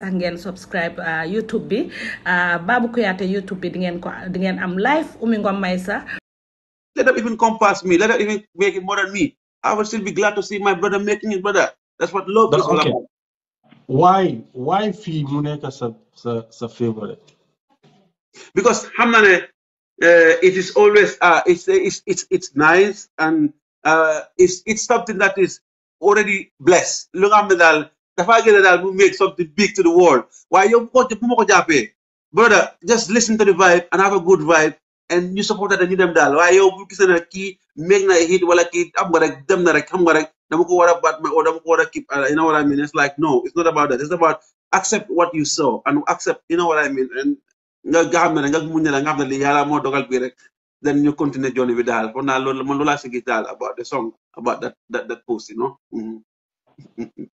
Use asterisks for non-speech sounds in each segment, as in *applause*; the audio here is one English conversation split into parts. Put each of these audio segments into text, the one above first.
sax ngeen subscribe uh, YouTube bi uh, Babou Kouyaté YouTube bi di ngeen am live Oumy Ngom let them even compass me let them even make it more than me I will still be glad to see my brother making his brother that's what love is all about. why why fii mu nekk sa sa sa favorite. because xam na ne uh, it is always it's it's it's nice and it's it's something that is already blessed lu nga xam ne daal dafa gën a daal mu make something big to the world Why yow bu ko bu ma ko brother just listen to the vibe and have a good vibe and you support that ñu dem daal waaye yow bu gis na kii make na hit wala kii am nga rek dem na rek xam nga rek dama ko war a bat ma dama ko war keep uh, you know what I mean it's like no it's not about that it's about accept what you saw and accept you know what I mean and nga xam ne nga muñ ne la nga xam li yàlla moo dogal bii rek then you continue journey with daal foofu naa loolu man loolu laa si gis daal about the song about that that that post you know mm-hmm. *laughs*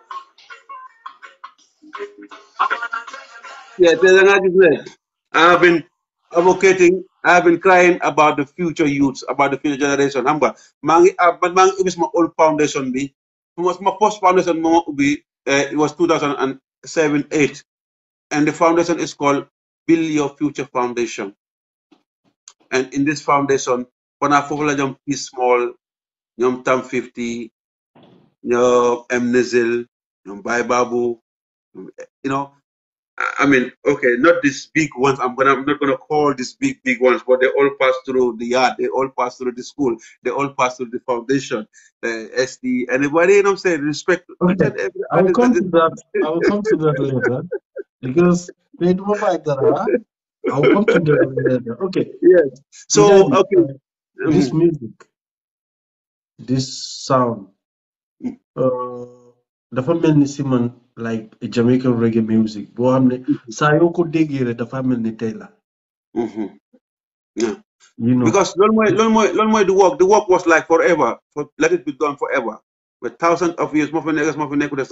Yeah, Terenaki said, I've been advocating, I've been crying about the future youths, about the future generation. I'm going, uh, but it was my old foundation. Be, it was my first foundation. Be, uh, it was 2007, 8, and the foundation is called Build Your Future Foundation. And in this foundation, when I follow them, small, ñoom Tam 50, ñoom M. Nizil, ñoom Babu, you know, I mean, okay, not these big ones. I'm gonna, I'm not gonna call these big, big ones, but they all pass through the yard. They all pass through the school. They all pass through the foundation, uh, SD, anybody. You know what I'm saying? Respect Okay, I will come to that. I will come to that later because they don't like that. Huh? I will come to that later. Okay, yes. So okay. this mm-hmm. music, this sound, mm. uh, dafa mel like Jamaican reggae music boo xam ne mm-hmm. saa yoo ko déggee rek dafa mel ni tey la. Mm-hmm. you know because loolu mooy loolu mooy loolu mooy the work the work was like forever so let it be done forever but thousands of years more fa nekk moo fa nekkul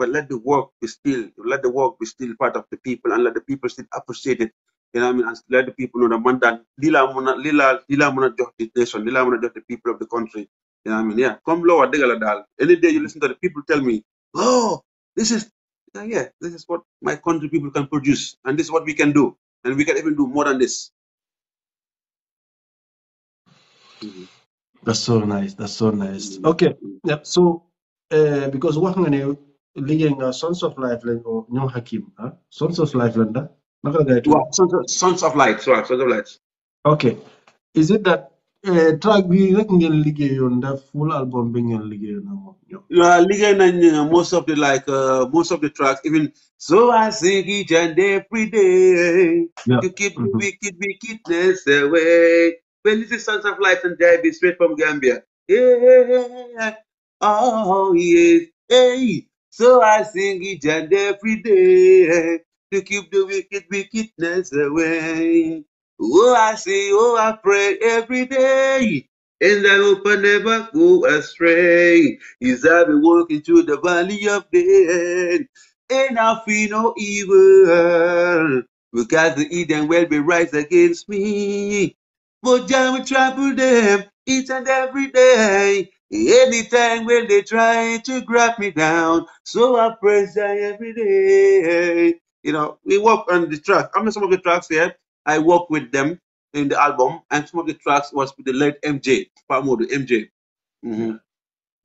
but let the work be still let the work be still part of the people and let the people still appreciate it you know what I mean and let the people know that man daan lii laa mën a lii the nation lii laa the people of the country you know what I mean yeah Come lower, wax dëgg la any day you listen to the people tell me oh this is, uh, yeah, this is what my country people can produce, and this is what we can do, and we can even do more than this. Mm -hmm. That's so nice. That's so nice. Mm -hmm. Okay. Yeah. So, uh, because what I'm ligging uh, Sons of Life or oh, New Hakim, huh? Sons of Life Landa. Sons of Light. Sorry, Sons of Light. Okay. Is it that Eh, track bi rek ngeen liggéeyoon def full album bi ngeen liggéeyoon ak moom ñoom. waaw liggéey nañ eh, most of the like uh, most of the tracks even so I sing each and every day. to keep the mm-hmm. wicked wickedness away. When this is Sons of Light and be straight from Gambia. Yeah, oh yes, hey. So I sing each and every day to keep the wicked wickedness away. Oh, I say, oh, I pray every day. And I hope I never go astray. Is I be walking through the valley of death. And I feel no evil. Because the Eden will be rise against me. But Jah will trouble them each and every day. Anytime when they try to grab me down, so I praise Jah every day. You know, we walk on the track. How many some of the tracks here? I worked with them in the album, and some of the tracks was with the late MJ, Pamodu, MJ. Mm-hmm.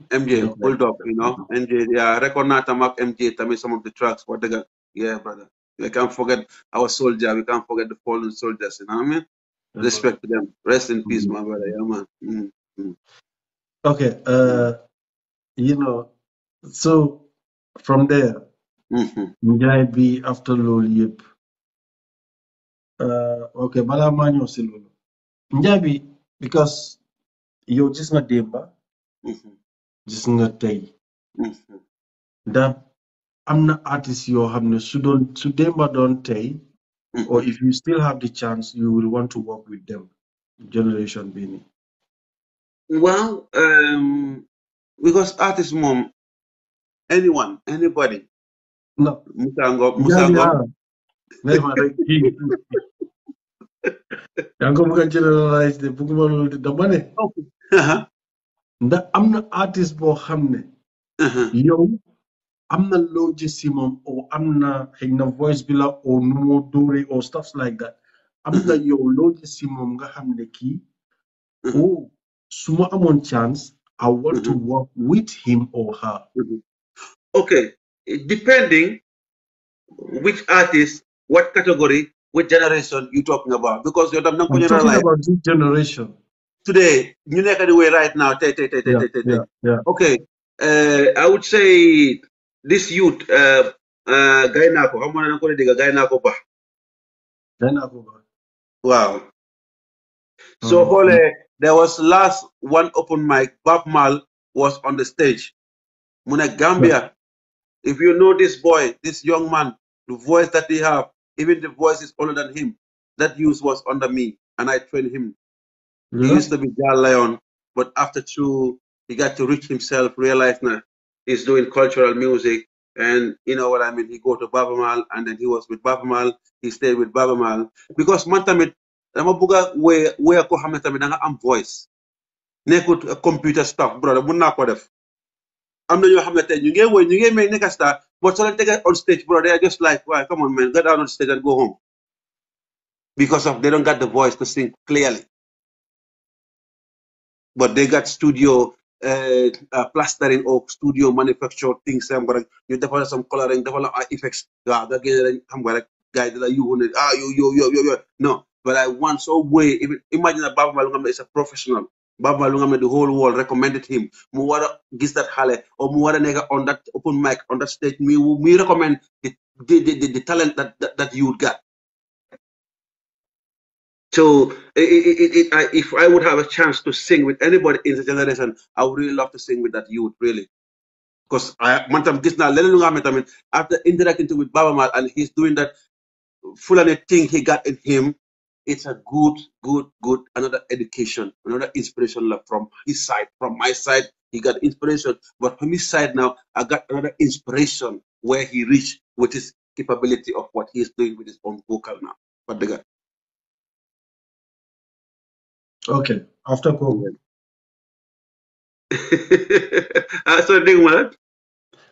MJ, hold up, you know, MJ, yeah, record na tamak MJ, tami some of the tracks, what they got? yeah, brother. We can't forget our soldier, we can't forget the fallen soldiers, you know what I mean? Respect to them. Rest in peace, mm-hmm. my brother, yeah, man. Mm-hmm. Okay, uh, you know, so from there, mm-hmm. after Lol uh, okay bala manyo silulu njabi because yow just nga démba mm-hmm. just nga tey mm-hmm. da am na artist yoo xam ne su doon su démba doon tey or mm-hmm. if you still have the chance you will want to work with them generation bini. well um, because artist mom anyone anybody no musango musango yeah, yeah. *laughs* yaa ngi ko bëgg a généraliser de bëgguma loolu de dama ne. Uh-huh. ndax am na artiste boo xam ne. Uh-huh. yow am na loo gis o amna na voice bi la o nu moo dóoree o stuff like that. am na uh-huh. yow loo gis si moom nga xam ne o oh, su ma chance. I want to work with him or her. okay depending which artist what category. Which generation you talking about? Because you're not going to talking about this generation. Today, you know the way right now. yeah, Yeah, yeah. Okay, uh, I would say this youth, uh, uh, how many call it guy Bah? Gainako Wow. So, mm -hmm. there was last one open mic, Bob Mal was on the stage. Muna Gambia, yeah. if you know this boy, this young man, the voice that he have, even the voices older than him, that youth was under me, and I trained him. He used to be Jar Lion, but after two, he got to reach himself, realize now he's doing cultural music, and you know what I mean. He go to Babamal, and then he was with Babamal. He stayed with Babamal because man tamit dama i way way ko xamne tamit da nga am voice nekut computer stuff brother am na ñoo xam ne tey ñu you woy ñu ngi may nekk star but soo leen tege on stage bro they are just like "Why? come on man go down on stage and go home because of they don't got the voice to sing clearly but they got studio uh, uh, plastering or studio manufactured things I'm gonna you develop some coloring develop ay effects waaw da guy, I'm gonna gars yi da ah you, you, you, you, no but I want so way even imagine a Baba Mal is a professional baba lu the whole world recommended him Muwara war Hale, or Muwara Nega on that open mic on that stage Me, me recommend the the the, the talent that, that that you got so it, it, it, I, if I would have a chance to sing with anybody in the generation, I would really love to sing with that youth, really. Because I man tam gis naa after interacting with Baba Mal and he's doing that full the thing he got in him it's a good, good, good another education, another inspiration from his side, from my side. He got inspiration, but from his side now, I got another inspiration where he reached with his capability of what he's doing with his own vocal now. But the guy, Okay, after COVID. I *laughs* uh, said, doing what?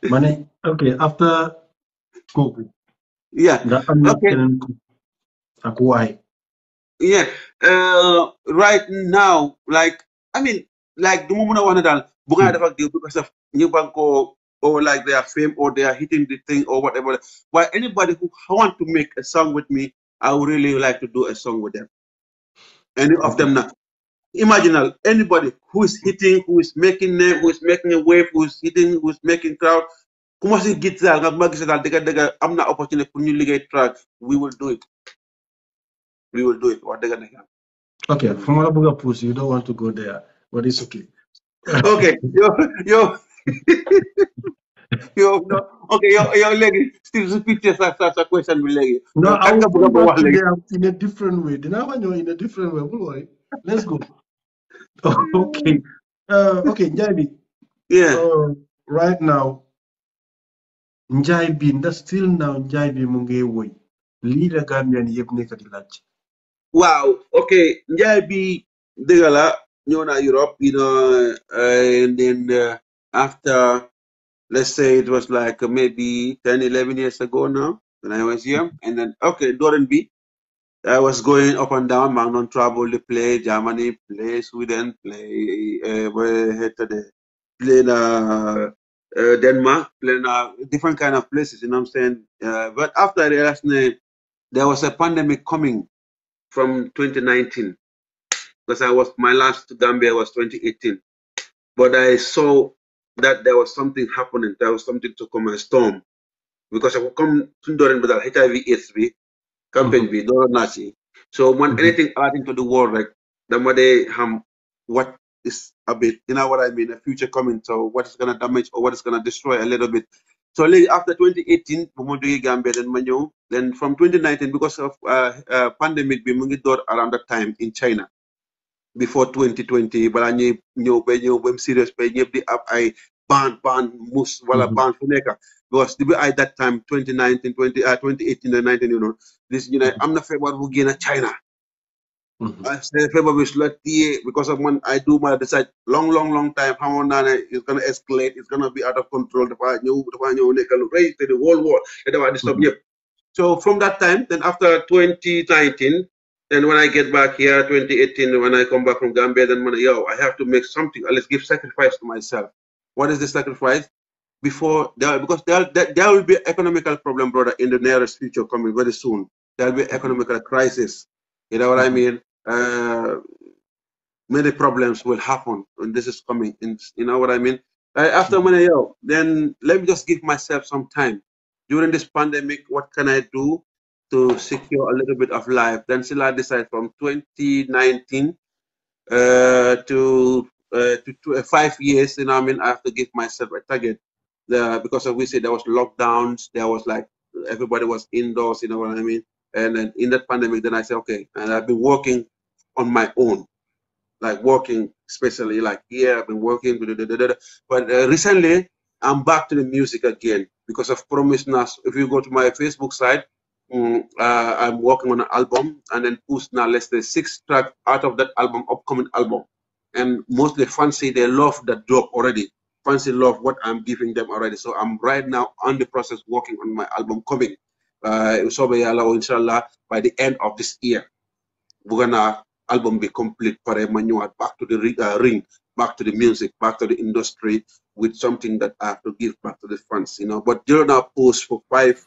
Money. Okay, after COVID. Yeah. Okay. Like why? yeah uh, right now like I mean like the moment I wanna do, daal because of new bank or like they are fame or they are hitting the thing or whatever. But anybody who want to make a song with me, I would really like to do a song with them. Any of them now. Imagine anybody who is hitting, who is making name, who is making a wave, who is hitting, who is making crowd. Kumasi gitza nga magi dal dega dega. I'm not opportunity for new league track. We will do it we will do it what they're gonna have okay from what about push you don't want to go there but it's okay *laughs* okay yo yo *laughs* yo no okay yo yo legi still repeat esa esa question we legi no i will go back there in a different way then i want you in a different way don't worry let's go *laughs* okay uh, okay Njaibi. yeah uh, right now Njaibi, that's still now Njaibi mu ngi woy lii la Gambian yëpp nekk di laaj Wow. Okay. Njai bi You know, Europe, you know, uh, and then uh, after let's say it was like maybe 10, 11 years ago now when I was here, and then okay, Doran B. I was going up and down, Magnum travel to play Germany, play Sweden, play uh, where head to the play uh, uh, Denmark, play uh, different kind of places. You know what I'm saying? Uh, but after I realized uh, there was a pandemic coming, from 2019 because I was my last to Gambia was 2018, but I saw that there was something happening. There was something to come a storm because I would come to during with HIV AIDS be campaign be do Nazi. So when mm-hmm. anything adding to the world like the money what is a bit you know what I mean a future coming so what is gonna damage or what is gonna destroy a little bit so after 2018, bu ma jógee Gambia then ma then from 2019 because of uh, uh, pandemic we moved ngi around that time in China before 2020 balaa ñuy ñëw serious ba ñëpp di ab ay ban ban mus wala mm-hmm. ban fu because di bi ay that time 2019 20 uh, 2018 and 19 you know this know, i am not feebar bu génn China. Mm-hmm. I say Flavor Vishla because of when I do my decide long, long, long time, how on it's gonna escalate, it's gonna be out of control. Raise to the whole world. Mm-hmm. So from that time, then after 2019, then when I get back here, 2018, when I come back from Gambia, then when, yo, I have to make something. Let's give sacrifice to myself. What is the sacrifice? Before there, because there, there, there will be economical problem, brother, in the nearest future coming very soon. There will be economical crisis. You know what I mm-hmm. mean? Uh, many problems will happen and this is coming and you know what i mean after many years then let me just give myself some time during this pandemic what can i do to secure a little bit of life then still i decide from 2019 uh, to uh, to, uh, five years you know i mean i have to give myself a target because as we said there was lockdowns there was like everybody was indoors you know what i mean and then in that pandemic then i said okay and i've been working on my own, like working, especially like yeah, I've been working, but uh, recently I'm back to the music again because I've promised us. If you go to my Facebook side, mm, uh, I'm working on an album and then post now let's say six track out of that album, upcoming album, and mostly fancy they love that drop already. Fancy love what I'm giving them already. So I'm right now on the process working on my album coming. Uh, inshallah, by the end of this year, we're gonna album be complete for Emmanuel back to the uh, ring back to the music back to the industry with something that i have to give back to the fans you know but during our post for five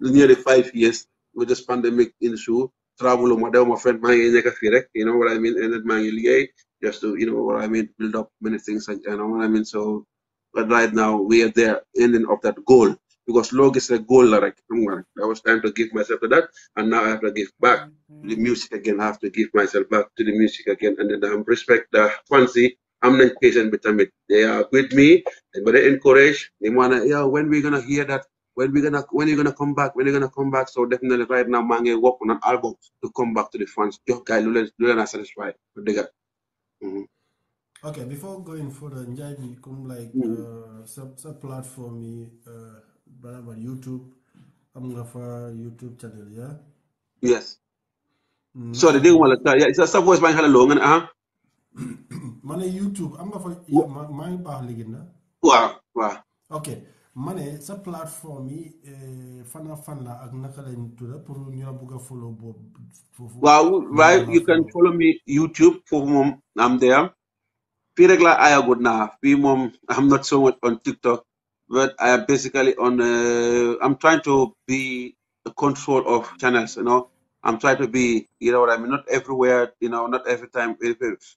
nearly five years with this pandemic issue travel or whatever, my friend maa ngi nekk you know what i mean and then maa ngi just to you know what i mean build up many things you know what i mean so but right now we are there ending of that goal because log is a goal like someone. I was trying to give myself to that, and now I have to give back to the music again. I have to give myself back to the music again, and then I respect the fancy. I'm not patient with them. They are with me, they very encourage. They wanna, yeah, when we gonna hear that? When we gonna, when you gonna come back? When you gonna come back? So definitely right now, Mange work on an album to come back to the fans. Your guy, Lulen, are satisfied. But they got. Mhm. Okay, before going further, Njai, come like mm -hmm. uh, platform me. Uh, our YouTube, Amgafa YouTube channel, yeah? Yes. Mm. Sorry, didn't want to Yeah, it's a sub voice by Hello, and uh Mane YouTube, Amgafa, my Bahligina. Wow, wow. Okay. Mane, sa platform yi eh, fana fana ak naka lañ tudda pour ñu la bëgg a follow bob. foofu. waaw you can follow me YouTube foofu am there fii rek laa aayagut am not so much on TikTok but I am basically on. Uh, I'm trying to be the control of channels. You know, I'm trying to be. You know what I mean? Not everywhere. You know, not every time.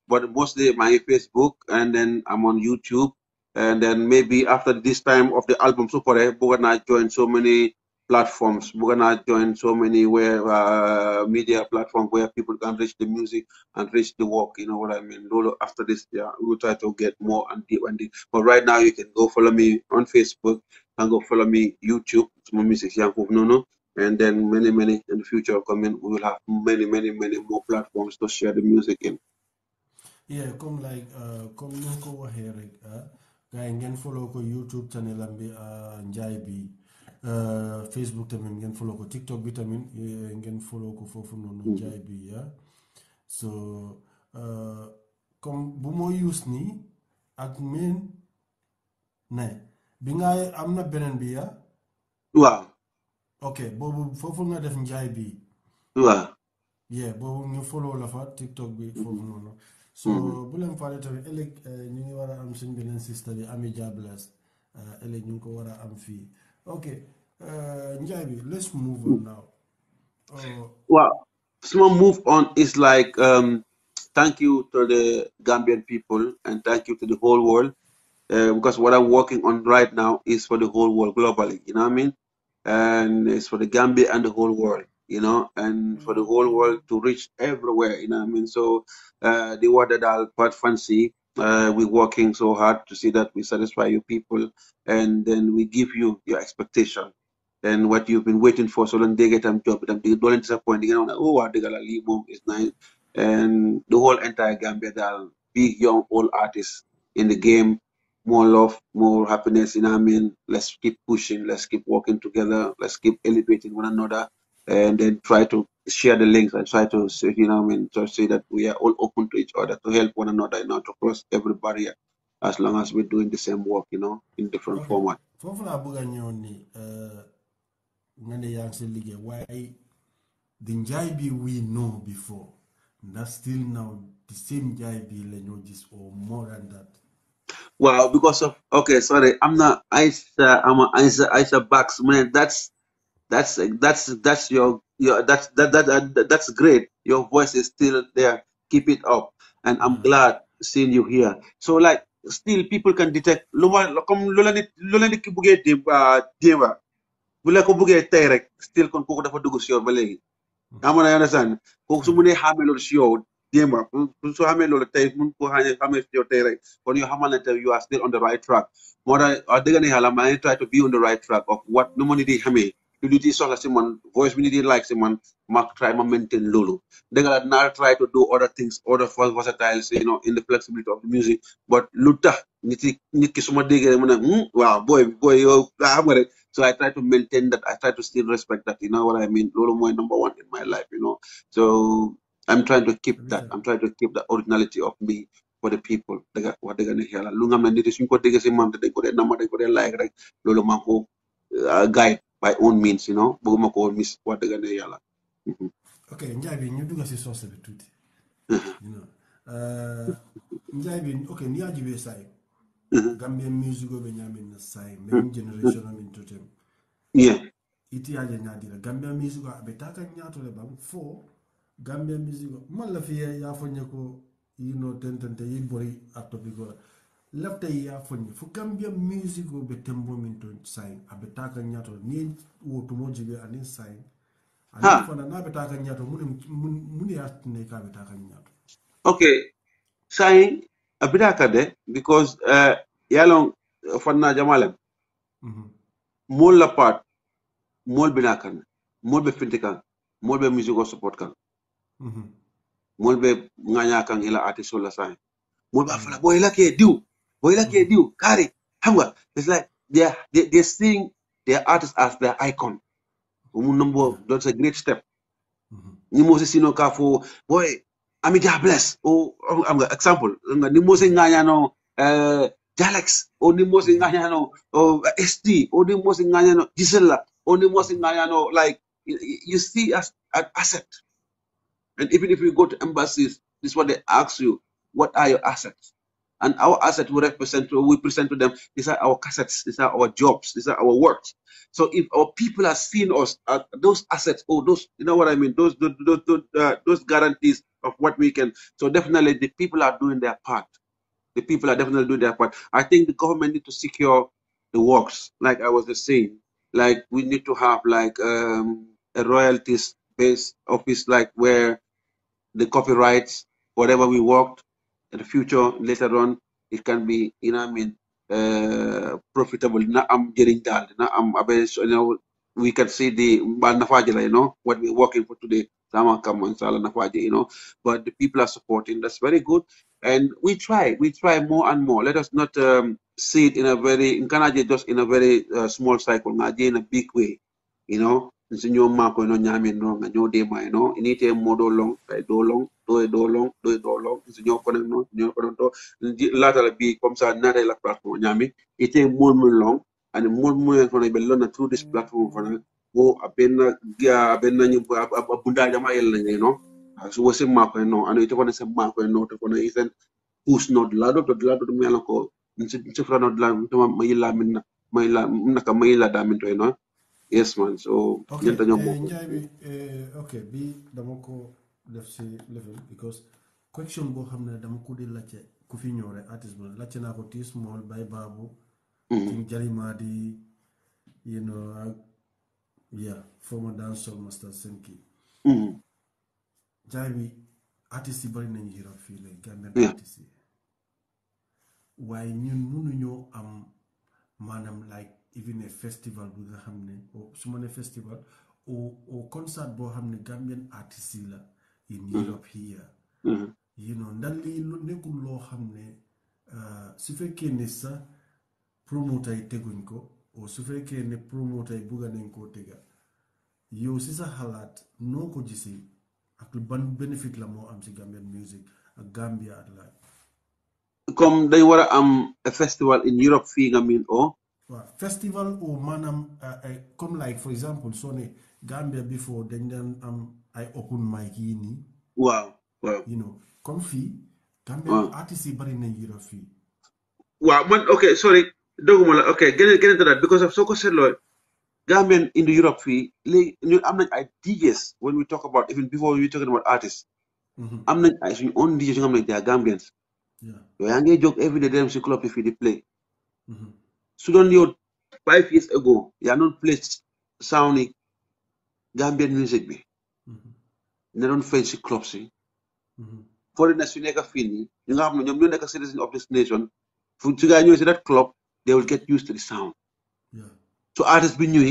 But mostly my Facebook, and then I'm on YouTube, and then maybe after this time of the album, so far, I joined so many platforms. We're gonna join so many where uh, media platform where people can reach the music and reach the work. You know what I mean? After this, yeah, we'll try to get more and deep and deep. But right now, you can go follow me on Facebook. and go follow me YouTube. It's my music, Yankov Nono. And then many, many in the future coming, we will have many, many, many more platforms to share the music in. Yeah, come like uh, comme nu ko waxee rek ah gars yi follow ko YouTube channel am bi uh, Njaay bi Uh, Facebook tamit ngeen follow ko TikTok bi tamit eh, ngeen follow ko foofu noonu njaay mm-hmm. bi ya so uh, comme bu mooy use nii ak main ne bi nga am na beneen bi ya waaw ok boobu foofu nga def njaay bi waaw yeah bobu ñu follow la fa TikTok bi mm-hmm. foofu noonu so mm-hmm. bu leen faale tamit ëllëg eh, ñu ngi war a am suñ beneen sista bi Amie Jobless ñu uh, ko am ok uh, bi let's move on now. Uh, waaw small move on is like um, thank you to the Gambian people and thank you to the whole world uh, because what I'm working on right now is for the whole world globally you know what I mean and it's for the Gambia and the whole world you know, and for the whole world to reach everywhere, you know I mean? So uh, the I'll quite fancy. Uh, we're working so hard to see that we satisfy your people and then we give you your expectation and what you've been waiting for so long they get them job them they don't disappoint you know oh what they got is nice and the whole entire gambia that big young old artists in the game more love more happiness you know i mean let's keep pushing let's keep working together let's keep elevating one another and then try to share the links. and try to, say, you know, I mean, to say that we are all open to each other to help one another, and not to cross every barrier as long as we're doing the same work, you know, in different okay. format. Fofana buga nyoni, uh, ngane yangse lige, why the Njaibi we know before, that's still now the same Njaibi languages or more than that? Well, because of, okay, sorry, I'm not I'm a I'm a I'm a box man, that's that's that's that's your your that's that, that, that that's great your voice is still there keep it up and i'm mm-hmm. glad seeing you here so like still people can detect lu ma comme lu la nit lu la nit ki buggee dé ah, démba bu ko buggee tey rek still kon kooku dafa dugg si yow ba léegi mm-hmm. ama na understand kooku su munee xàmmee loolu si yow démba su xamee loolu tey mun ko xamee xamee si yow tey rek kon yoo xamal ne tey you are still on the right track moo tax wax dëgg ne yàlla maa try to be on the right track of what no money nit di xamee you need to soxla si man voice bi nit yi like someone. man try ma maintain Lulu. dégg nga la naa try to do other things other versatile you know in the flexibility of the music but lu tax nit yi nit ki su ma déggee rek mu ne hmm, ah, so I try to maintain that I try to still respect that you know what I mean Lulu, my number one in my life you know so I'm trying to keep that I'm trying to keep the originality of me for the people What they're gonna hear. lu nga xam ne nit yi suñ ko déggee si maam te dañ ko dee nama dañ like rek loolu maa ko ah, guide by own means you know bëgguma ko miss wax dëgg ne yàlla njaay bi ñu dugga si soos bi tuuti njaay bi ok ni ajibe sai uh-huh. gambian music oɓe ñamin na sai même uh-huh. generation amin totem iti yaje ñadira gambian music o aɓe taka ñatole ɓam fo gambian music o malla fiye yafoñe ko yino tentante yi bori a topic lafta ya fonye fu gambia music o be tembo min to sign abe taka nyato ni wo to moji be anin sign anin fana na be taka nyato mun mun ya ne ka be taka nyato okay sign abe taka de because uh, eh, yalon fanna jamalem mm -hmm. mol la part mol bina kan mol be finti kan mol be music o support kan mm -hmm. mol be nganya kan ila artist la sign mol ba fala boy la ke diw Wailaki Adiu, Kari, carry. It's like they're, they, they're seeing their artist as their icon. Number, that's a great step. Mm-hmm. Ni mo sino ka fo, boy, ami dia bless. Oh, I'm Hamga, example. Ni mo si nganya no, eh, Jalex, Oh, ni mo si nganya no, oh, ST, o oh, ni mo si nganya no, Gisela, Oh, ni mo si nganya no, like, you see as an asset. And even if you go to embassies, this is what they ask you. What are your assets? And our asset we represent, we present to them, these are our assets, these are our jobs, these are our works. So if our people are seeing us, uh, those assets, oh, those, you know what I mean, those, those, those, uh, those guarantees of what we can. So definitely the people are doing their part. The people are definitely doing their part. I think the government need to secure the works, like I was just saying. Like we need to have like um, a royalties based office, like where the copyrights, whatever we worked, the future later on it can be you know I mean uh, profitable. I'm getting Now I'm you know we can see the Nafajila, you know, what we're working for today, and you know, but the people are supporting. That's very good. And we try, we try more and more. Let us not um, see it in a very, in Canada, just in a very uh, small cycle, not in a big way, you know nsi ñoo maako no ñaamin no nga ñoo dema no ini te mo long kay do long do e do long do e do long nsi ñoo konen no ñoo konen to laata la bi comme ça nare la platform ñaami ite mo mo long ani mo mo en kono be lona through this platform fana wo abenna ga abenna ñu abunda jama yel na no so wo se maako no ano ite kono se maako no te kono isen pus no lado to lado to melo ko nsi nsi frano lado to mayila minna mayila naka mayila damin to no Yes, man. So, okay. Uh, eh, Njaibi, uh, eh, okay, bi dama ko def si level because question boo xam ne dama ko di lacce ku fi ñëw rek artiste bu lacce naa ko tiis mool bay baabu. ci mm-hmm. jalimaa di you know ak yeah former dancehall master Senki. kii. Mm-hmm. Njaibi artiste yi bari nañu Europe fii léegi Gambian artiste yi waaye ñun mënuñoo am maanaam like. even a festival bu nga xam ne su ma ne festival o au concert boo xam ne Gambian artist la in mm-hmm. Europe here mm-hmm. you know ndax lii lu nekkul loo xam ne euh, su fekkee ne sax promoter yi teguñ ko o su fekkee ne promoter yi bugga nañ koo tega yow si sa xalaat noo ko gisee ak ban bénéfice la moo am si Gambian music ak Gambia at large comme day war a festival in Europe fi nga miin o festival o I uh, uh, come like for example soo ne Gambia before then then um, I open my yi Wow, wow, you know comme fii. Gambia artistes yi bari nañ Europe fii. Wow, man ok sorry doguma la ok get into that dara because of so said, Lord, Gambian in the Europe fii i am like ay DJs when we talk about even before we talking about artists. i mm-hmm. am like I suñu own DJs I'm like they are Gambians. Yeah, yaa ngi joke every day dem si club of fii di play. Mm-hmm. Sudan Youth, five years ago, they are not playing sounding Gambian music. Mm -hmm. They don't fancy clubs. Eh? Mm -hmm. Foreigners you never fini, you know, you know, citizen of this nation, for you guys that club, they will get used to the sound. Yeah. So artists be new,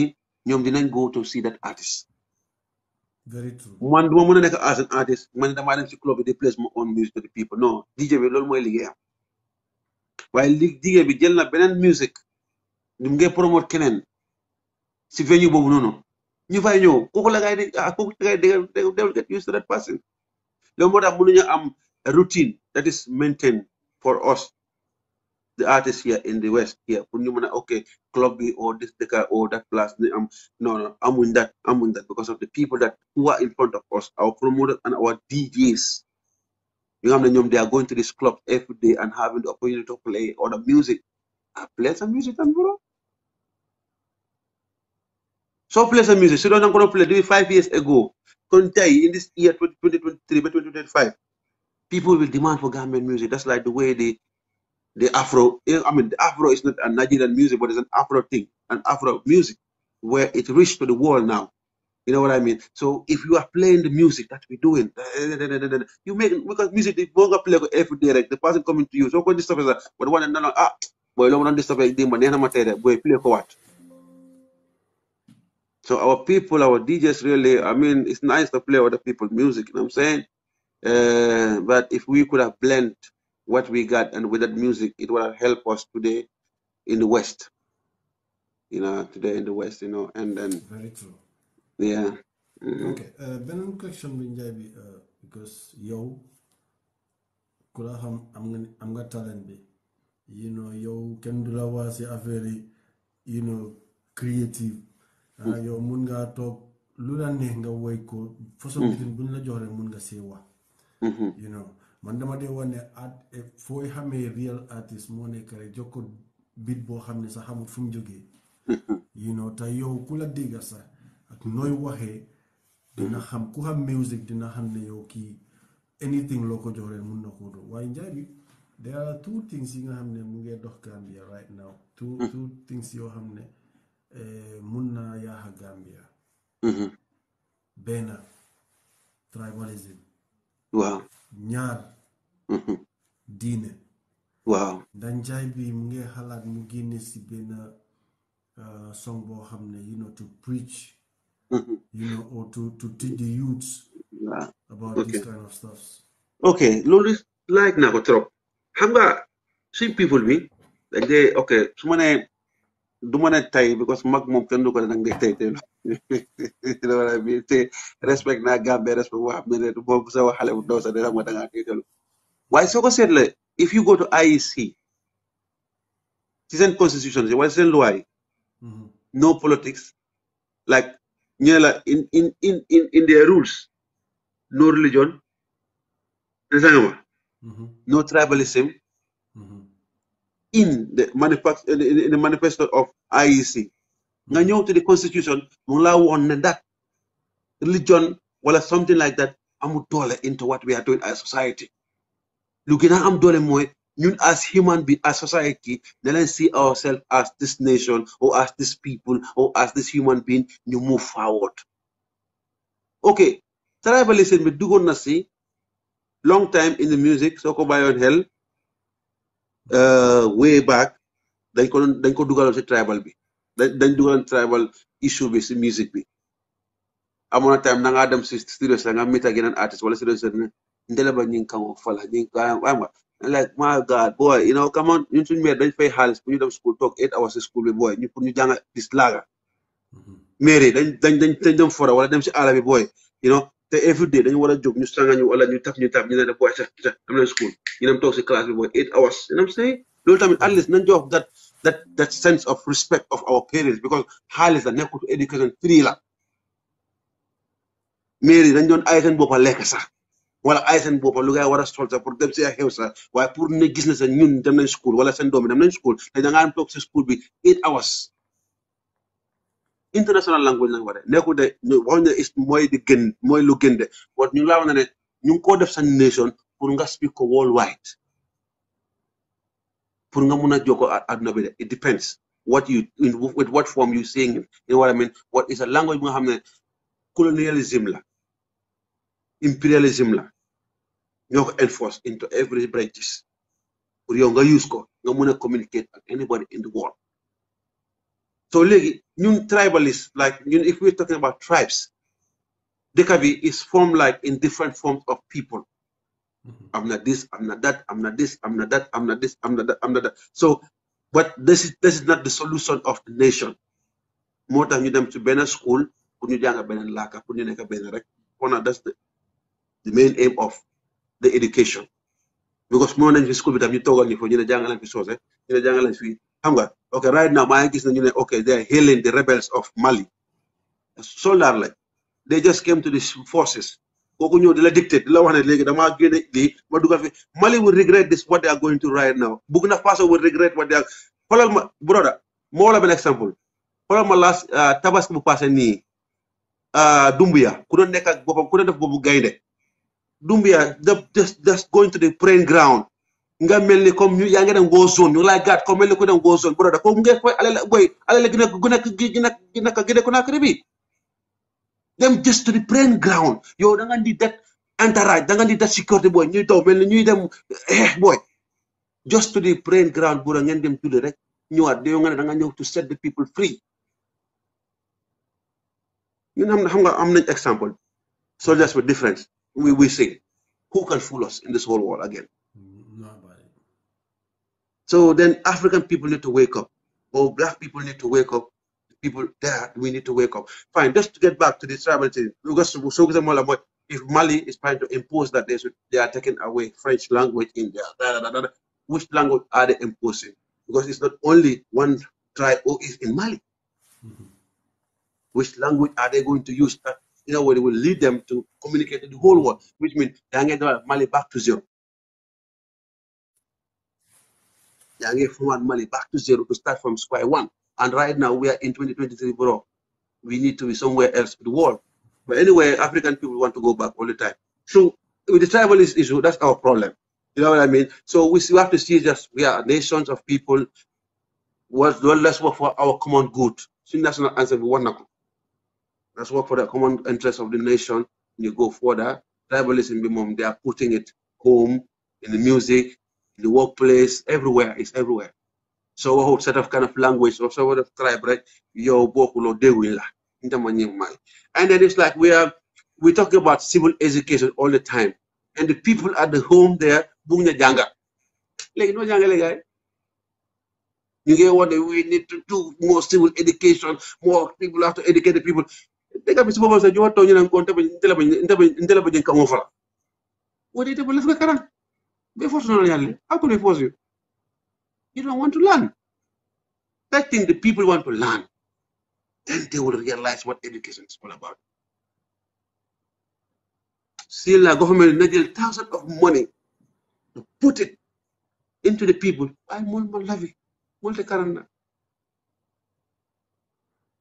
you didn't go to see that artist. Very true. Man, duma mën a nekk as an artist man damaa dem si club they play place my own music to the people no DJ will not mooy liggéeyam waaye DJ bi jël na beneen music ngeen promote keneen si venue boobu noonu ñu fay ñëw kooku la ngay ah kooku la ngay dégg dégg get used to that person loolu moo tax mënuñu am routine that is maintained for us the artists here in the west here pour ñu mën a ok club bi or this dëkka or that place ni am non non amuñ that amuñ that because of the people that who are in front of us our promoters and our DJs You xam them. they are going to this club every day and having the opportunity to play the music I play some music and bro so play some music. So don't gonna play do it five years ago. Contai in this year 2023, but 2025, people will demand for Gambian music. That's like the way the the Afro. I mean, the Afro is not a Nigerian music, but it's an Afro thing, an Afro music, where it reached to the world now. You know what I mean? So if you are playing the music that we're doing, you make because music is going to play every day. Like the person coming to you, so when this stuff is like, uh, but one and another, ah, boy, long this stuff like demon, then I'm gonna tell that boy, play for what? So our people, our DJs really, I mean, it's nice to play other people's music, you know what I'm saying? Uh, but if we could have blend what we got and with that music, it would have helped us today in the West. You know, today in the West, you know, and then. Very true. Yeah. Mm -hmm. Okay. Uh, question bi bi uh, because yow Kula Ham, am nga talent bi you know yow kenn du la waa si are very, you know creative Ah, yow mun ngaa toog lu la neex nga woy ko façon bitin hmm. buñ la jox rek mun nga see wax hmm. you man dama dee wax ne art eh, xamee real artist moo nekk rek jox ko bit boo xam ne sax xamul fu mu jógee hmm. you know yow ku la dégga sax ak nooy waxee dina xam ku xam music dina xam ne yow kii anything loo ko jox rek mun na koo waaye njaay bi there are two things yi nga xam ne mu ngee dox Gambia right now two things yoo xam ne Eh, mun naa yaaxa Gambia. Mm-hmm. benn tribalism. waaw ñaar. Mm-hmm. diine. waaw Ndanjaay bi mu ngi xalaat mu génne si benn eh, song boo xam ne you know to preach. Mm-hmm. to to teach youths. about this kind of stuff. ok loolu like naa ko trop xam nga suñ people bi dañ ok su ma nee. du ma ne tey because mag moom kenn ko ne nag day tey *laughs* you know what I mean te respect na Gambia respect boo xam ne boobu sa xale bu dosa. sax de xam nga da Why tiitalu waaye soo ko if you go to IEC ci seen constitution si wala seen loi mm-hmm. no politics like ñu ne la in in in in in their rules no religion. Mm-hmm. no tribalism. Mm-hmm in the, manifest, in, in the manifesto of IEC. Nga hmm. ñëw to the constitution mula one woon that religion wala something like that I'm doole into what we are doing as society. Lu at i am doole mooy as human being as society then see ourselves as this nation or as this people or as this human being You move forward. ok tribalism bi duggoon na si long time in the music soo by bàyyoon xel uh, way back, then couldn't they could do a tribal be. Then do a tribal issue with music be. I'm on a time now, Adam studio and I meet again an artist. Well, I said, I'm like, my God, boy, you know, come on, you don't should me a very high school, school, talk eight hours in school, boy, you put me down this lager. Mary, then then then them for a while, them say, Arabic boy, you know, the everyday dañu war a jóg ñu sanga ñu wala ñu taf ñu taf ñu ne def booy sax sax am nañ school ñu dem toog si classe bi mooy eight hours you know what I'm saying loolu tamit at least nañ jox that that that sense of respect of our parents because xaalis la nekkut education free la mairie dañ doon ay seen boppa lekk sax wala ay seen boppa lu ngay war a sol sax pour dem si ay xew sax waaye pour ne gis na sa ñun dem nañ school wala seen doom yi dem nañ school te da ngaa dem toog si school bi eight hours international language lañ waree nekkul de waxuñ ne mooy di gën mooy lu gën de wat ñu laa ne ñu ngi def sa nation pour nga speak ko worldwide pour nga mun a bi de it depends what you in with what form you sing know what I mean what is a language bu nga ne colonialism la imperialism la ñoo enforce into every branches pour yow nga use ko nga mun communicate ak anybody in the world so léegi ñun tribalists like ñun if we're talking about tribes can be is formed like in different forms of people i am mm-hmm. not this i am not that i am not this i am not that i am not this am not that am not that so but this is this is not the solution of the nation moo tax ñu dem ci a school pour ñu jàng beneen laaka pour ñu nekk benn rek kona that's the the main aim of the education because more than fi school bi tam ñu toogal for you ñu ne jàngaleen fi soose ñu ne jàngaleen ok right now my is gis nañu ok they are hailing the rebels of Mali So lañ they just came to the forces Mali will regret this what they are going to right now Burkina Faso will regret what they are Follow, my brother, more of an example. xoolal my last euh, tabaski bu passé nii euh, Dumbuya ku doon nekk ak boppam ku just just going to the praying ground nga mel comme ñu yaa ngi dem ngoo zone ñu ngi gaat comme mel ku dem ngoo zone broda ko ngeen koy alal boy alal gi nekk gu nekk gi gi gi nekk gi nekk naakri bi dem just to the plain ground yow da nga di det entourage da nga di det sécurité boy ñuy taw mel ni ñuy dem xeex eh, boy just to the plain ground bura ngeen dem julli rek ñëwaat yow nga ne da nga ñëw to set the people free ñun xam nga xam nga am nañ example soldiers with difference we we see who can fool us in this whole world again so then African people need to wake up, or black people need to wake up. People there, we need to wake up. Fine, just to get back to this tribalism, because if Mali is trying to impose that they, should, they are taking away French language in there, which language are they imposing? Because it's not only one tribe who is in Mali. Mm -hmm. Which language are they going to use? That, you know, it will lead them to communicate to the whole world, which means they are going to Mali back to zero. yaa ngi one Mali back to zero to start from square one. And right now we are in 2023, bro. We need to be somewhere else in the world. But anyway, African people want to go back all the time. So with the tribalist issue, that's our problem. You know what I mean? So we have to see just we are nations of people. Well, let's work for our common good. So national answer we want to. Let's work for the common interest of the nation. You go further. Tribalism, they are putting it home in the music, the workplace, everywhere, it's everywhere. So a whole set of kind of language or sort of tribe, right? Your work will they will and then it's like we are we talk about civil education all the time. And the people at the home there, boom janga. Like no janga guy. You get what we need to do more civil education, more people have to educate the people. They got people say you want to you know, what they tell you, what they tell you, what they tell you, they not really. How can we force you? You don't want to learn. That thing the people want to learn, then they will realize what education is all about. Still, the government needed thousands of money to put it into the people. I'm more more the current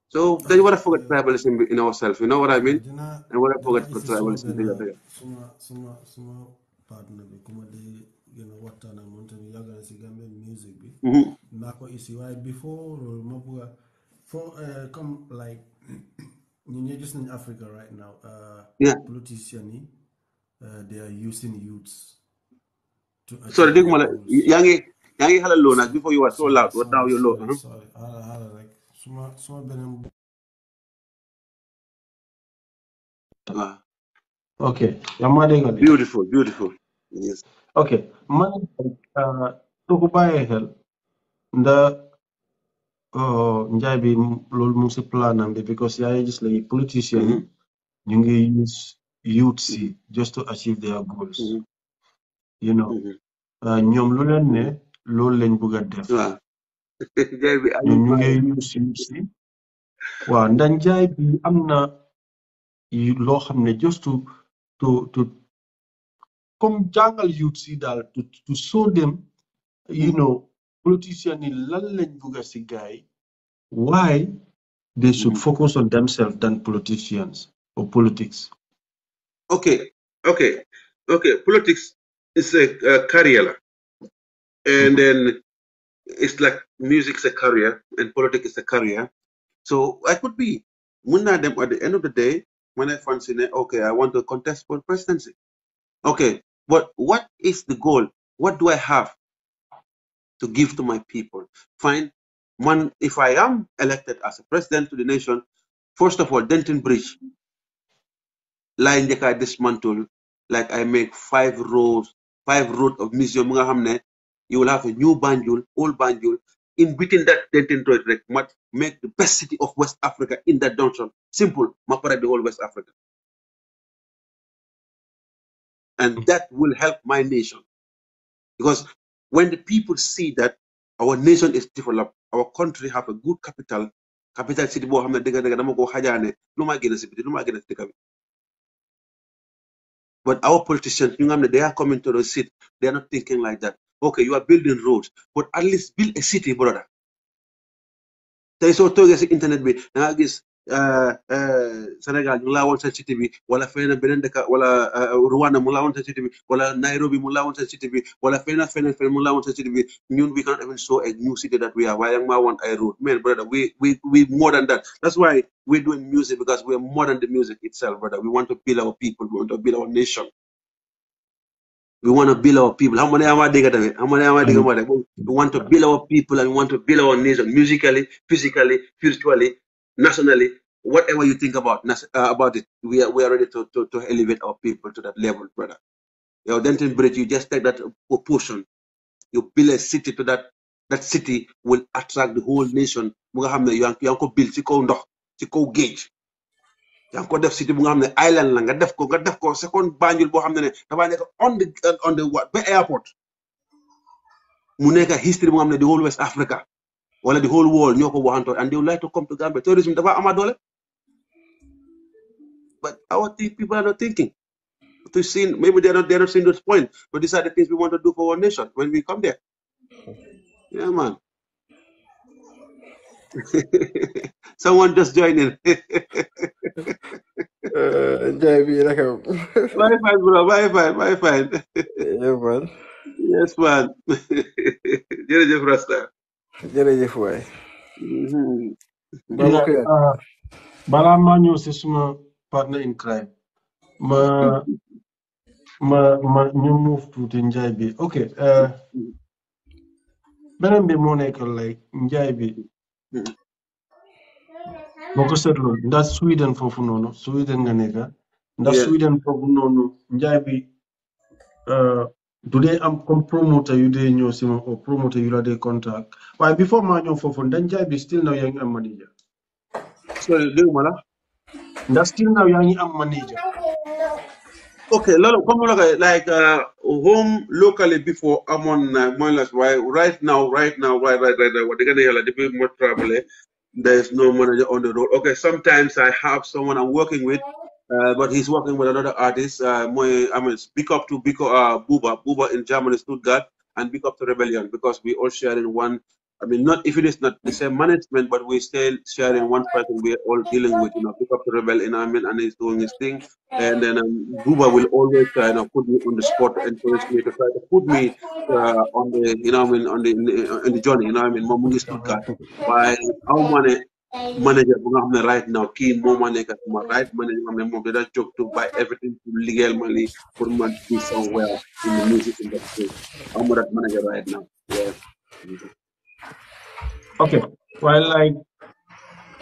So you want to forget tribalism in ourselves. You know what I mean? And what I forget for tribalism partner bi ku ma dee waxtaan ak moom tamit yàgg si Gambian music bi. Mm-hmm. naa ko isi waaye before loolu ma bëgg a eh, comme like *clears throat* ñu gis Africa right now. Uh, politicians yi uh, they are using youths. sorry dégg ma la yaa ngi yaa ngi loo nag before you were so loud what now you low. sorry waaw. Okay, Yamade Goli. Beautiful, beautiful. Yes. Okay, man, uh, tukubaye hel, nda oh, njay bi lol mung si planam bi because yaay just like politician yi ñu ngi use youth si just to achieve their goals. Mm-hmm. You know, mm-hmm. uh, ñoom lu leen ne loolu lañ bëgg a def. Waaw. bi ñu ngi use youth si. Waaw, nda njay bi am na loo just to to, to come jungle youth si to to show them you know politicians in lan lañ bugga why they should mm-hmm. focus on themselves than politicians or politics okay okay okay politics is a, a career and mm-hmm. then it's like music is a career and politics is a career so I could be one of them at the end of the day when management saying, okay, I want to contest for presidency. Okay, what what is the goal? What do I have to give to my people? Find one. If I am elected as a president to the nation, first of all, Denton Bridge, line that dismantle, like I make five roads, five road of museum. You will have a new banjul, old banjul, in between that 1920 rek ma make the best city of West Africa in that junction simple ma the whole West Africa and that will help my nation because when the people see that our nation is developed our country have a good capital capital city but our politicians they are coming to the seat they are not thinking like that Okay, you are building roads, but at least build a city, brother. tey soo toogee si internet now this. Uh, uh, Sénégal mu ngi laa woon seen cité bi wala fenn beneen dëkk wala eh, Rwanda mu ngi laa woon seen cité bi Nairobi mu ngi laa woon seen cité bi wala fenn feneen feneen mu ngi laa woon seen we can't even show a new city that we are am I want a road man brother we we we more than that that's why we're doing music because we're more than the music itself brother we want to build our people we want to build our nation we want to build our people. How many am I digging How many am mm-hmm. I We want to build our people and we want to build our nation musically, physically, spiritually, nationally. Whatever you think about uh, about it, we are we are ready to, to, to elevate our people to that level, brother. Your Denton Bridge, you just take that proportion. You build a city to that that city will attract the whole nation. You nga xam ne build ci yaa ngi ko def cité bu nga xam ne island la nga def ko nga def ko seconde Banjul boo xam dafa nekk on the on the ba airport mu nekk history bu nga xam the whole West Africa wala the whole world ñoo ko waxantoo and they would like to come to Gambia tourism dafa am doole but our people are not thinking to see maybe they're not they're not seeing those point. but these are the things we want to do for our nation when we come there yeah man *laughs* Someone just joined in. *laughs* uh, JB, like a... Why *laughs* fine, bro? Why fine? Why fine? yeah, man. Yes, man. jërëjëf Rasta. jërëjëf waay. balaa maa ñëw si suma partner in crime ma ma ma new move to njaay bi ok uh, mm-hmm. beneen bi moo nekk like njaay Mm-hmm. mokosetlol nda sweden fofu noonu sweden nga nekka nda sweden fofu noonu njaay bi du uh, dee am um, comme promoter yu dee ñëw si ma o promoter yu la dee contact waaye before ma ñëw foofu nda njaay bi still now yaa am um, manager sorry dégg ma la nda still now yaa am um, manager Okay, Lolo, come look at like uh, home locally before I'm on uh, Moilas. Why right now, right now, why, right, right, right. What they're gonna hear like they more trouble. Eh? There's no manager on the road. Okay, sometimes I have someone I'm working with, uh, but he's working with another artist. Uh, my, I mean, speak up to Biko uh, Buba, Buba in Germany, Stuttgart, and big up to Rebellion because we all share in one I mean, not if it is not the same management, but we're still sharing one person we're all dealing with, you know, pick up the rebel in our and he's doing his thing. And then um, Duba will always try uh, you know, put me on the spot and encourage me to try to put me uh, on the, you know, I mean, on the, on the journey, you know, I mean, Mamungi Stuttgart. By how many manager bu nga right now kii more money because my right manager nga xam ne to buy everything to legal money for my to do somewhere in the music industry I'm that manager right now yeah. Okay, well, like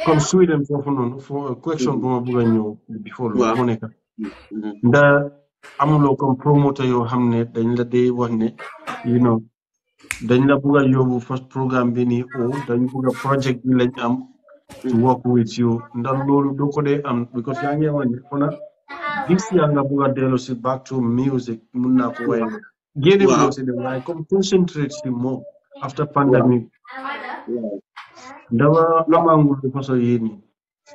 comme mm-hmm. Sweden for for fo question bu ma bëgg a ñëw before loolu mu nekk nda amuloo comme promoteur yoo xam ne dañ la dee you know dañ la bëgg a first programme bi nii o oh, dañ bëgg a project bi lañ am to mm-hmm. work with you ndax loolu doo ko dee am because yaa ngi wax ne fona this year nga bëgg a back to music mun naa ko waye génne ko si dem waaye comme concentrate more after pandemic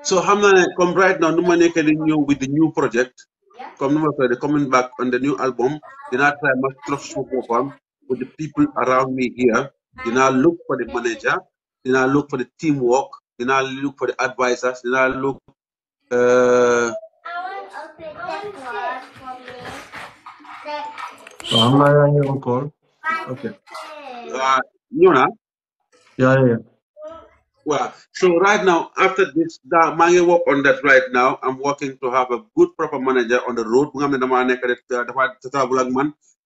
so xam naa ne right now nu ma nekkee di ñëw with the new project Come nu ma coming back on the new album dinaa try ma trop suma with the people around me here dinaa look for the manager dinaa look for the teamwork. work dinaa look for the advisors dinaa look uh, So I'm not on call. Okay. Uh, Yuna. Yeah, yeah, yeah. Well, so right now, after this, that money work on that right now. I'm working to have a good proper manager on the road. Uh, man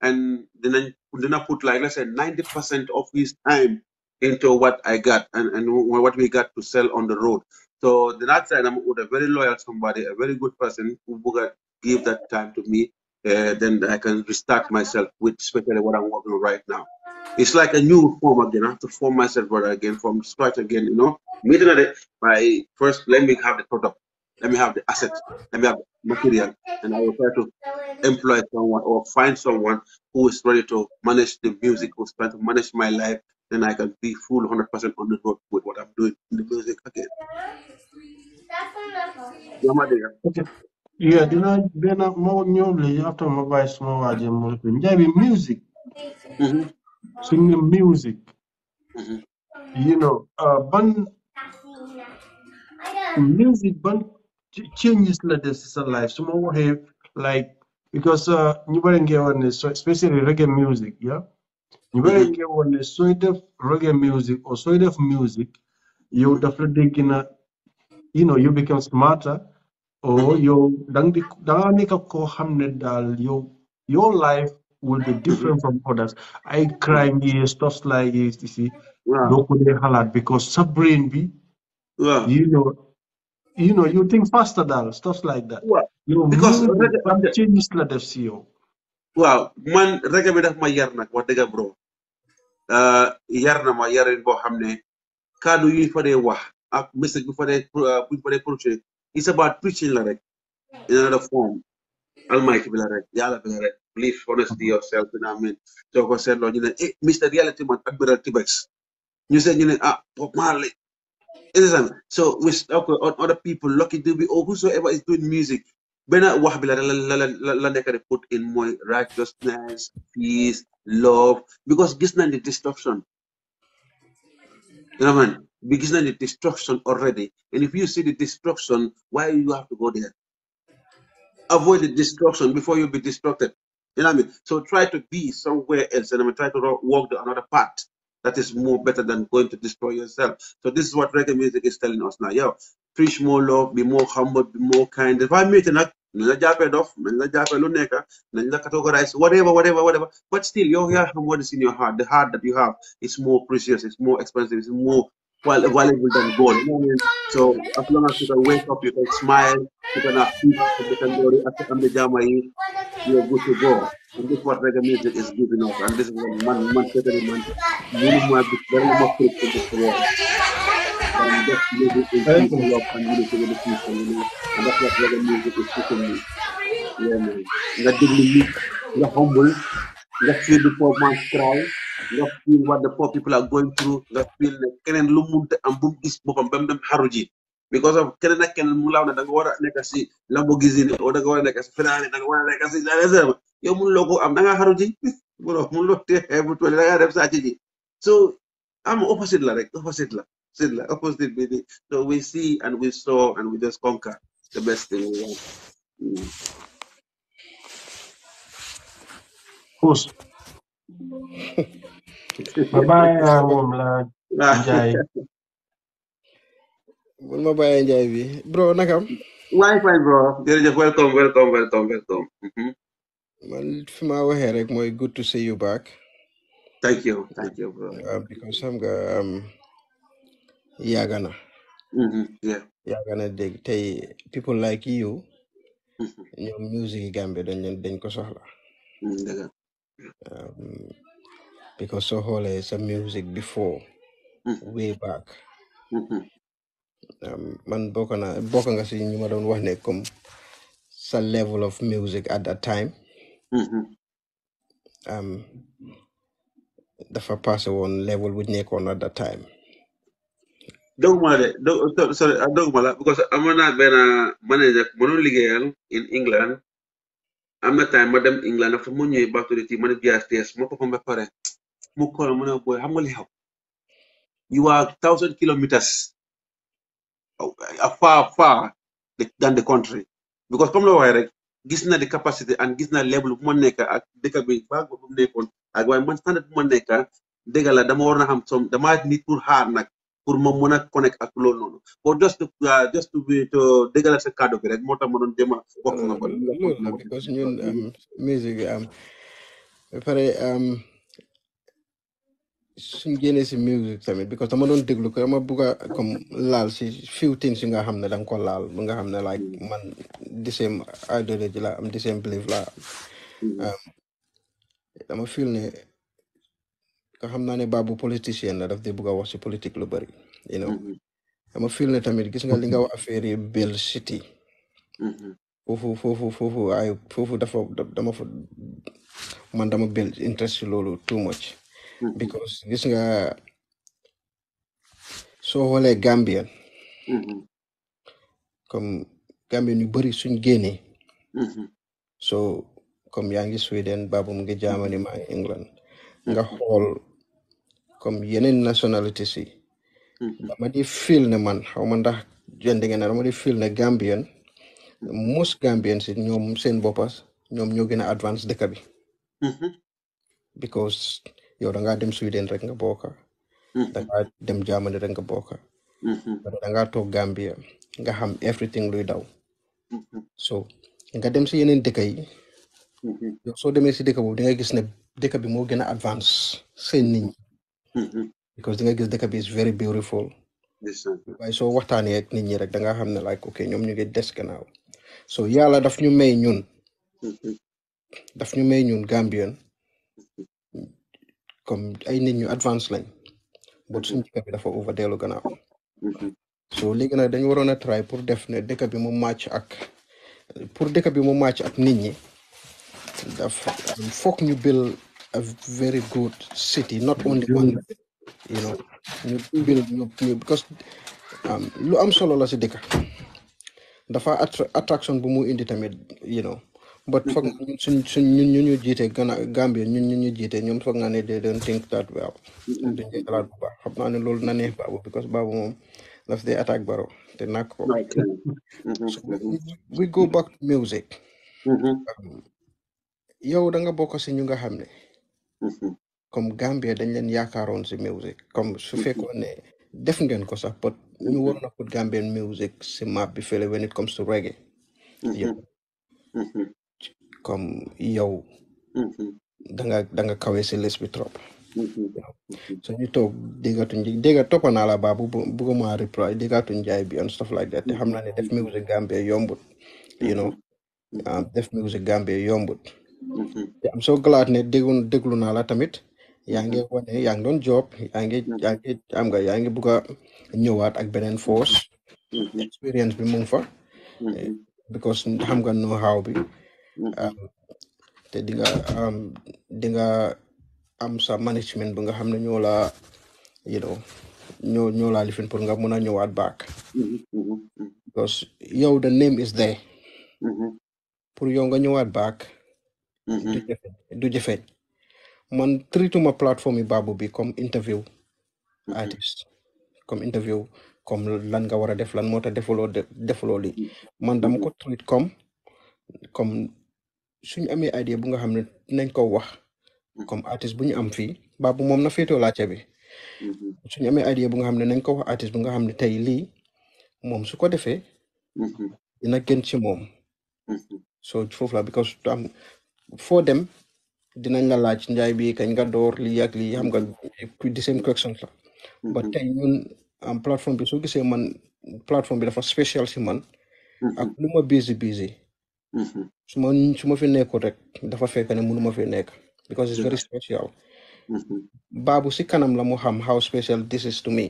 and then I put like let's say 90% of his time into what I got and, and what we got to sell on the road. So the that side, I'm with a very loyal somebody, a very good person who would give that time to me. Uh, then I can restart myself with especially what I'm working on right now it's like a new form again. I have to form myself brother again from scratch again, you know. Meeting at it by first let me have the product, let me have the asset, let me have the material, and I will try to employ someone or find someone who is ready to manage the music, who's trying to manage my life, then I can be full hundred percent on the road with what I'm doing in the music again. Yeah, Okay. Yeah, dina after ma bàyyi more. waajee mu music. Mm -hmm singing music, mm-hmm. you know, uh, music but changes like this in life. So more have like because uh, you better get on this, so especially reggae music, yeah. You better Mhm. get on this sort of reggae music or sort of music. You definitely gonna, you know, you become smarter. or mm-hmm. you. don't di danga nekk your life will be different from others. I cry me stuff like this, you see. nobody yeah. halad because subbrain be yeah. you know you know you think faster than stuff like that. Yeah. You know, because I'm changes la def si wow, waaw man reggae bi daf ma yar nag wax dëgg bro uh, yar na ma yarin boo xam ne kaddu yi fa dee wax ak message bu fa dee uh, bu fa dee projet it's about preaching la rek in another form almighty bi la rek yàlla bi la rek belief, honesty of self denial. soo ko seetloo ñu ne eh Mr Reality Man Admiral T-Rex ñu seet ñu ah Bob Marley. so we talk With other people Lucky be, or whosoever is doing music benn I bi la la la la put in my righteousness peace love because gis is the destruction you know man we gis the destruction already and if you see the destruction why you have to go there avoid the destruction before you be destructed you know what I mean? So try to be somewhere else and I gonna try to walk the, another path that is more better than going to destroy yourself. So this is what reggae music is telling us now. Yo, preach more love, be more humble, be more kind. If I'm meeting that, categorize whatever whatever whatever but still you heart what is in your heart the heart that you have is more precious it's more expensive it's more while valuable than gold. You know what I mean? So as long as you can wake up, you can smile, you can have you can go to you're good to go. And this is what reggae music is giving us. And this is what man, man, certainly man, really more, very more faithful this world. And that music is giving love and unity with the people, you know. And that's what reggae music is teaching me. Yeah, man. And that gives me, you're humble nga feel the poor man's cry nga feel what the poor people are going through nga feel ne keneen lu munte am bu mu gis boppam ba mu dem xaru ji because of keneen ak keneen mu laaw ne da nga war a nekk si Lamborghini o da nga war a nekk si Ferrari da nga war a nekk si yow mun loo ko am da nga xaru ji bro mun loo tee bu tuuli da nga def sàcc ji so am opposite la rek opposite la opposite la opposite bi so we see and we saw and we just conquer the best thing we want. Uso. bye, moom laa waaw njaay. mun ma bàyyi njaay bi bro nakam waay bro jërëjëf welcome welcome welcome welcome Mhm. man fi ma rek mooy good to see you back thank you thank you bro uh, because xam nga um, yagana. Mhm, yeah Yagana na dégg people like you Mhm, music gambe Gambia dañ leen dañ ko soxla mhm, um, because Sohola is a music before, mm. way back. Mm-hmm. Um, man bokk naa bokk nga si ñu level of music at that time mm-hmm. um, far passé one level bu nekkoon at that time. Don't worry. Don't sorry, Don't worry because I'm not been a manager bu doon liggéeyal in England am na time ma dem England dafa ma ñëwee back to the team ma ne bii test ma ko ba pare mu ko mu ne booy xam nga li xew you are thousand kilometers a oh, uh, far far than the country because comme la waxee rek gis na the capacity and gis na level bu ma nekk ak dëkk bi baax bu nekkoon ak waaye man standard bu ma nekk dëgg la dama war na xam som dama nit pour xaar nak pour ma connect ak loolu just uh, just to be sa dig bi rek card tax ma doon jéem a bokk na ko euh, loolu la because ñun mm-hmm. um, musique bi am um, ba pare um, suñ génnee si musique tamit because dama doon déglu ko dama bugg a comme laal si few things yi nga xam ne da call ko laal bu nga xam ne like mm-hmm. man the same ideology la am the same belief la am mm-hmm. dama feel ne te xam naa ne babu politicien la daf di bëgg wax ci politique lu bari you know dama mm-hmm. feel ne tamit gis nga li nga wax affaire yi Bell City mm-hmm. fofu fofu fofu ay fofu dafa dama fa man dama bel interest ci lolu too much mm-hmm. because gis nga soo Gambia, Gambien comme gambia ñu bari suñ génnee so comme yangi Sweden babu mu ngi Germany ma England nga xol comme yeneen nationalities si dama mm-hmm. di feel ne man xawma ma ndax jënd ngeen dama di feel ne Gambien most Gambien si ñoom seen boppas ñoom ñoo gën a advance dëkk bi mm-hmm. because yow da ngaa dem Sweden rek nga bokka mm-hmm. da ngaa dem Germany rek nga bokka da ngaa toog Gambia nga xam everything luy daw so nga dem si yeneen dëkk yi yow soo demee si dëkk boobu di nga gis ne dëkk bi moo gën a advance seen nit ñi Mm-hmm. because the nga gis is very beautiful Yes, sir. waaye soo need ak nit ñi rek da nga like ok ñoom ñu ngi desk now. so yàlla daf ñu may ñun mm-hmm. daf ñu may ñun Gambian mm-hmm. comme ay nit ñu advance lañ but suñ Mhm. dëkk bi dafa over dellu gannaaw so léegi nag dañu waroon try pour def ne dëkk bi mu match ak pour dëkk bi mu match ak nit ñi daf foog ñu build a very good city, not only one, you know, ñu build ñu ñu because um, lu am solo la si dëkk dafa attraction bu mu indi tamit you know but foog mm-hmm. suñ suñ ñun ñu ñu jiite gana Gambia ñun ñu ñu jiite ñoom foog naa ne they don't think that well mm-hmm. duñ koy xalaat bu baax xam naa ne loolu na neex baabu because babu moom daf dee attaque baro te nàkk ko mm-hmm. we go back to music um, yow da nga bokk si ñu nga xam Mhm. comme Gambia dañ leen yaakaaroon si music comme su Mhm. fekkoon ne def ngeen ko sax pot ñu Mhm. waroon a put Gambian music si map bi fële when it comes to reggae yow Mhm. Mhm. comme yow Mhm. da nga da nga kawe si list bi trop Mhm. yow Mhm. so ñu toog déggatuñ ji dégga toppa naa la baa bu bugguma reply déggatuñ jaay bi and stuff like that te xam naa ne def mm-hmm. music Gambia yombut you know Mhm. Mhm. um, def music Gambia yombut te am mm-hmm. so glad ne déglu déglu na la tamit yaa ngi mm-hmm. wane yang ngi don job yaa ngi mm-hmm. yaa ngi am nga yaa ngi bugg ak force experience bi mu fa eh, because xam nga know how bi um, te di nga um, di nga am sa management bu nga xam ñoo la you know ñoo ñoo la lifin pour nga mun a back because yow the name is there pour yow nga ñewat back du jafe du jafeñ man trituma platform, yi babu bi comme interview mm-hmm. artist comme interview comme lan nga war a def lan moo tax li man dama ko treat comme comme suñu amee idée bu nga xam ne nañ ko wax mm-hmm. comme artiste bu ñu am fii baabu moom na féetoo laajte bi mm-hmm. amee idée bu nga xam ne nañ ko wax artiste bu nga xam ne tey lii moom su ko defee dina gën ci moom so foofu la because am for dem dinañ la laaj njaay bi kañ nga door lii ak lii xam nga the same questions la but mm-hmm. tey ñun am plateforme bi soo gisee man plateforme bi dafa spécial si man mm-hmm. ak lu ma busy busy mm-hmm. su su ma fi nekkul rek dafa fekk ne fi nekk because it's very special baabu si kanam la mu xam how special this is to me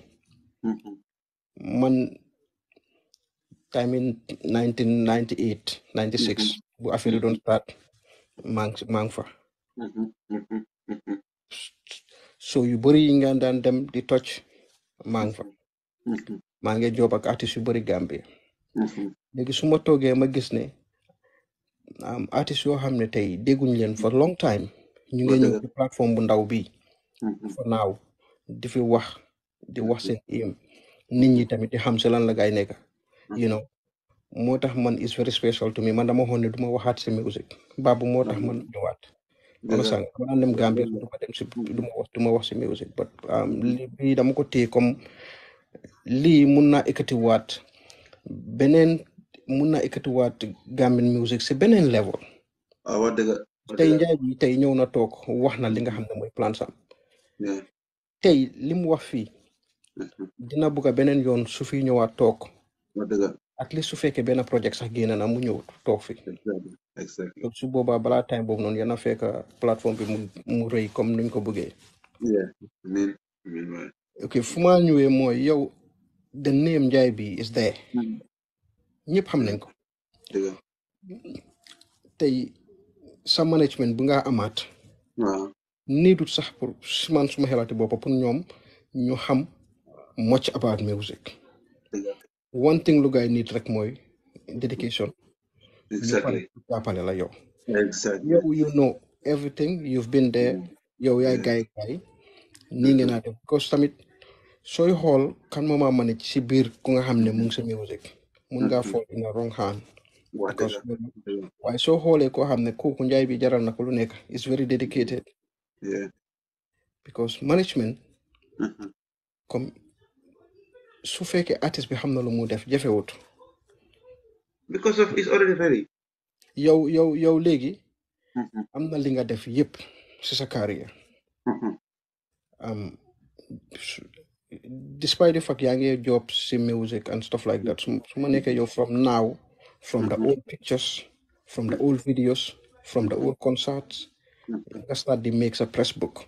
man time in nineteen ninety eight ninety six bu affaire yi doon start manque maa ngi fa so you bëri yi nga daan dem di toj mm-hmm, mm-hmm. maa ngi fa maa job ak artiste yu bëri Gambie mm-hmm. léegi su ma toogee ma gis ne am artiste yoo xam ne tey dégguñ for long time ñu ngi ñëw platform plateforme bu ndaw bi for now di fi wax di wax seen im nit ñi tamit di xam si lan la gaay nekk you know moo tax man is very special to me man dama waxoon ne du ma waxaat si music baabu moo tax man ñëwaat dama sànq dama naan dem ma dem si du ma wax du ma wax si music but um, lii dama ko téye comme lii mun naa ekkatiwaat beneen mun naa ekkatiwaat Gambian music si beneen level ah, tey njaay bi tey ñëw na toog wax na li nga xam ne mooy plan sam tey li wax fii mm-hmm. dina bugg a beneen yoon su fi ñëwaat toog at least su fekkee benn project sax génn na mu ñëw toog fi su boobaa balaa time boobu noonu yana fekk plateforme bi mu mu rëy comme nuñ ko bëggee ok fu ma ñëwee mooy yow the name Njaay bi is there hmm. ñëpp xam nañ ko tey sa management bu nga amaat needut sax pour man suma xelaati boppa pour ñoom ñu xam much about music one thing lu gaay nit rek mooy dedication exactly exactly yow you know everything you've been there yow yaay gaay gaay nii ngeen naa def because tamit sooy xool kan moo maa manage si bir ku nga xam mu ngi sa music mun ngaa mm-hmm. fall in a wrong hand because waaye soo xoolee koo xam ne kooku njaay bi jaral na ko lu nekk is very dedicated Yeah. because management mm-hmm. comme su fekkee artist be xam mu def because of it's already ready yow yow yow i am na li nga def yep si sa carrière um, despite the fact yaa ngi job si music and stuff like that su ma nekkee yow from now from the old pictures from the old videos from the old concerts nga start the makes a press book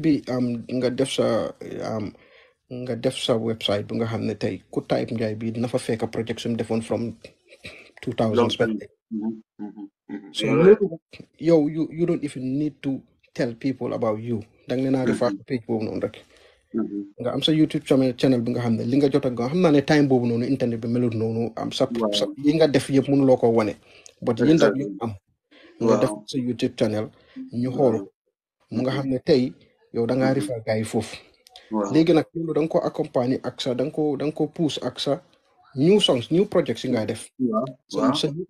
bi um, nga def sa um, nga def sa website bu nga xam ne tey ku type njaay bi dina fekk project su defoon from two thousands mm-hmm. mm-hmm. mm-hmm. so loolu yow you you don't even need to tell people about you dang ne naa refer page boobu noonu rek nga am sa YouTube channel bi nga xam ne li nga jot ak xam naa ne time boobu noonu internet bi melut noonu am sa yi nga def yëpp mënuloo ko wane but yéen daal am nga def sa YouTube channel ñu xool mu nga xam ne tey yow da ngaa refer gars yi foofu légui nak lolu dang ko accompagner ak sa dang ko dang ko pousse ak sa new songs new projects nga def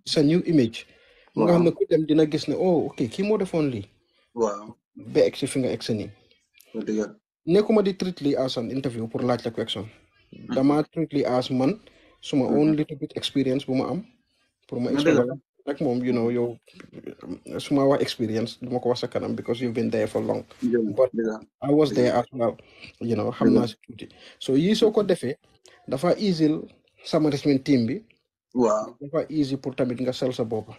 sa new image mu nga xamne ku dem dina gis ne oh ok ki mo Wow. li waaw be ex fi nga ne ko ma di treat li as an interview pour laaj la question hmm. dama treat li as man suma hmm. own little bit experience buma am pour ma expliquer Like mom, you know your sumawa experience du ma ko because you've been there for long but I was there as well you know xam naa mm-hmm. so yii soo ko defee dafa easy some management team bi waaw dafa easy pour tamit nga sell sa boppa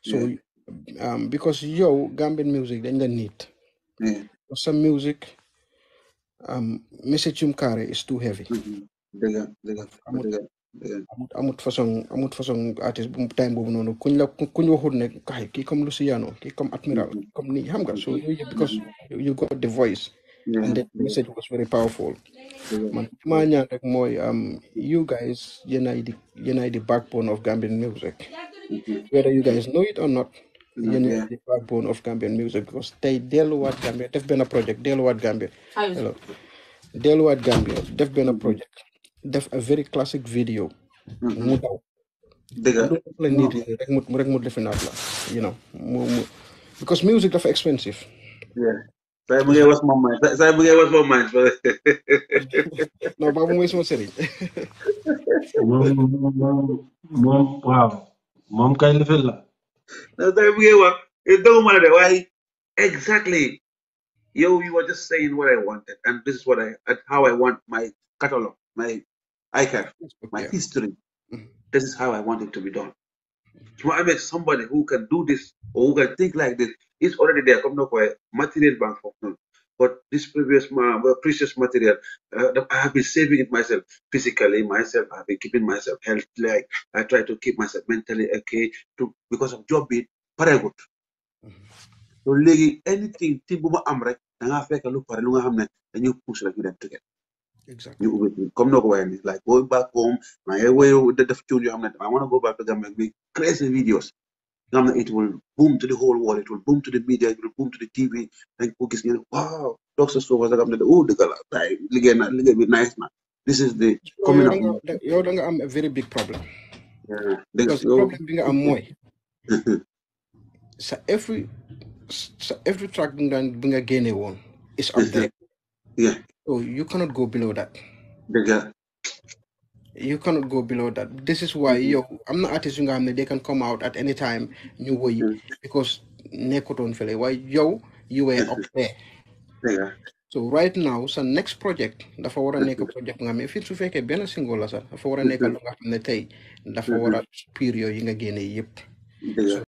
so um, because yow Gambian music then the need some music um, message yum carry is too heavy mm-hmm. dëgg dëgg amut façon amut façon artiste bu time boobu noonu kuñ la kuñ waxut ne kaay kii comme Luciano kii comme Admiral mm-hmm. comme nii xam nga so mm-hmm. yooyu because you got the voice and the message was very powerful man maa ñaan rek mooy um, you guys yéen ay di yéen di backbone of Gambian music mm-hmm. whether you guys know it or not yéen ay the backbone of Gambian music because tey delluwaat Gambia def benn project delluwaat Gambia hello delluwaat Gambia def benn project def a very classic video. Mm-hmm. mu daw. dëgg la la nit yi rek mu rek mu definaat la you know mu mu because music dafa expensive. say bu ngay was ma mind say bu ngay was ma mind. *laughs* non baabu mooy sama sëriñ. *laughs* moom moom moom waaw moom kay lifin la. non say bu ngay wax eh, dama mën a de waaye exactly Yo, you were just saying what I wanted and this is what I how I want my catalog my I have my yeah. history. Mm-hmm. This is how I want it to be done. met somebody who can do this or who can think like this, is already there. Come now for a material bank for me. But this previous precious material, uh, I have been saving it myself physically, myself. I've been keeping myself healthy. Like I try to keep myself mentally okay to because of job being paregut. Mm-hmm. So, anything, thing bu ma am rek da nga fekk lu pare lu push like ñu dem together. Exactly. ñu ubbi ko comme noo ko like go back home My way with the def I'm like I want to go back to Gambia we create crazy videos nga it will boom to the whole world it will boom to the media it will boom to the TV dañ cookies gis ñu ne waaw dox sa suufa sa xam ne oh the girl. Like liggéey na liggéey nice man. this is the coming up yow da nga have a very big problem dëgg because problem bi a am So *laughs* every sa every track bi nga bi nga génne woon is up there yeah Oh, you cannot go below that. Yeah. You cannot go below that. This is why mm-hmm. yo, I'm not artist you they can come out at any time new way mm-hmm. because Nekoton fele. Why yo, you were up *laughs* there. Yeah. So right now, so next project the forward a nekk project nga If ne fii su fekkee benn single la sax dafa war a mm-hmm. nekk lu nga xam ne tey dafa war a supérieur mm-hmm. yi nga so